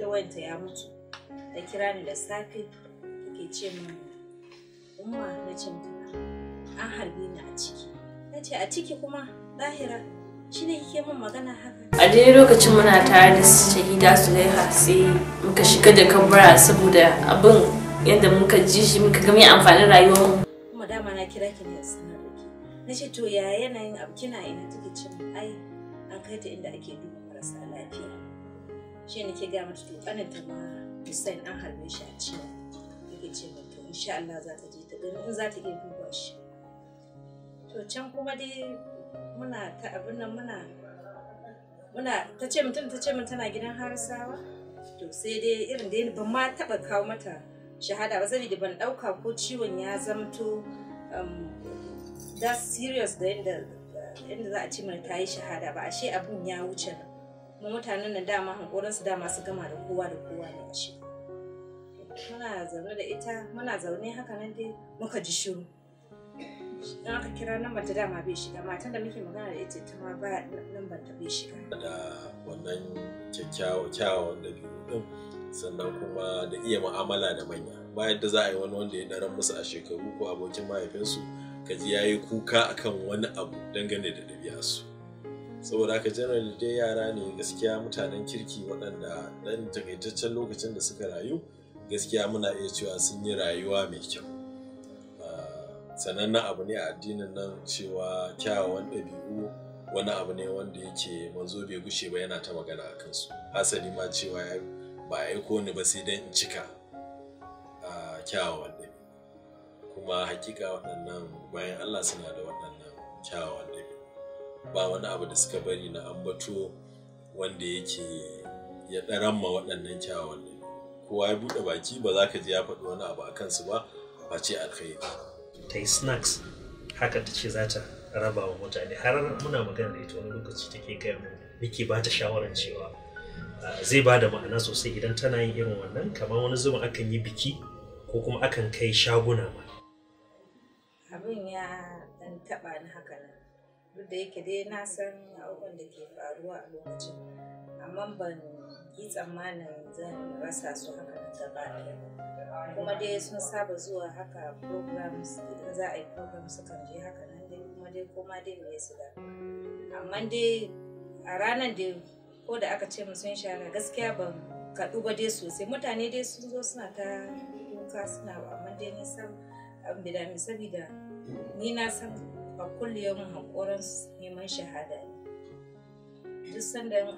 da wayanta ya mutu ta kira ni da safe take ce min umma na ce an harbe ni a ciki na ce a ciki kuma zahira shi ne kike min magana haka a dai lokacin muna tare da shahida sulaiha sai muka shiga da kabura saboda abin yadda muka ji shi muka ga mai amfanin rayuwar kuma dama na kira ki sanar da na ce to ya yanayin abu kina ina take ce ai an kai ta inda ake duba marasa lafiya shi ne ke gaya mata to ta ma Hussein an harbe shi a ciwo yake ce mata insha Allah za ta je ta gani in za ta iya duba shi to can kuma dai muna ta abin nan muna muna ta ce mutum ta ce mun tana gidan harisawa to sai dai irin da ban ma taba kawo mata shahada ba saboda ban dauka ko ciwon ya zamto um, that serious da inda za a ce mai ta yi shahada ba ashe abun ya wuce nan kuma mutanen da dama su dama su gama da kowa da kowa da shi muna zaune da ita muna zaune haka nan dai muka ji shiru dan aka kira nan mata dama bai shiga matan da muke magana da ita ta ma ba nan ta bai shiga da wannan kyakkyawa kyawawan da biyu din sannan kuma da iya mu'amala da manya ba yadda za a yi wani wanda ya dara musu a shekaru ko abokin mahaifinsu ka ji ya yi kuka akan wani abu dangane da ɗabi'arsu. su saboda haka general dai yara ne gaskiya mutanen kirki waɗanda ɗan takaitaccen lokacin da suka rayu gaskiya muna iya cewa sun yi rayuwa mai kyau ah, sanannen abu ne a addinin nan cewa kyawawan ɗabi'u wani abu ne wanda yake manzo bai gushe ba yana ta magana a kansu asali ma cewa ba a aiko ni ba sai dan in cika a ah, kyawawan ɗabi'u kuma hakika waɗannan bayan allah suna da waɗannan kyawawan ɗabi'u ba wani abu da suka bari na ambato wanda yake ya ɗaran ma waɗannan kyawun ne kowa ya buɗe baki ba za ka ji ya faɗi wani abu a kansu ba ba ce alkhairi ta yi snacks haka ta ce za ta raba wa mutane har muna magana da ita wani lokaci take gaya mu muke ba ta shawarar cewa zai ba da ma'ana sosai idan tana yin irin wannan kamar wani zuma akan yi biki ko kuma akan kai shaguna ma abin ya ɗan taɓa ni haka nan duk da yake dai na san abubuwan da ke faruwa a lokacin amma ban yi tsammanin zan rasa su haka nan gaba ɗaya kuma dai sun saba zuwa haka programs idan za a yi program sukan je haka nan dai kuma dai koma dai mai su da amma dai a ranar da ko da aka ce mu sun shara gaskiya ban kaɗu ba dai sosai mutane dai sun zo suna ta kuka suna amma dai nisan abin saboda ni na san a kullum haƙurin neman shahada ne duk sanda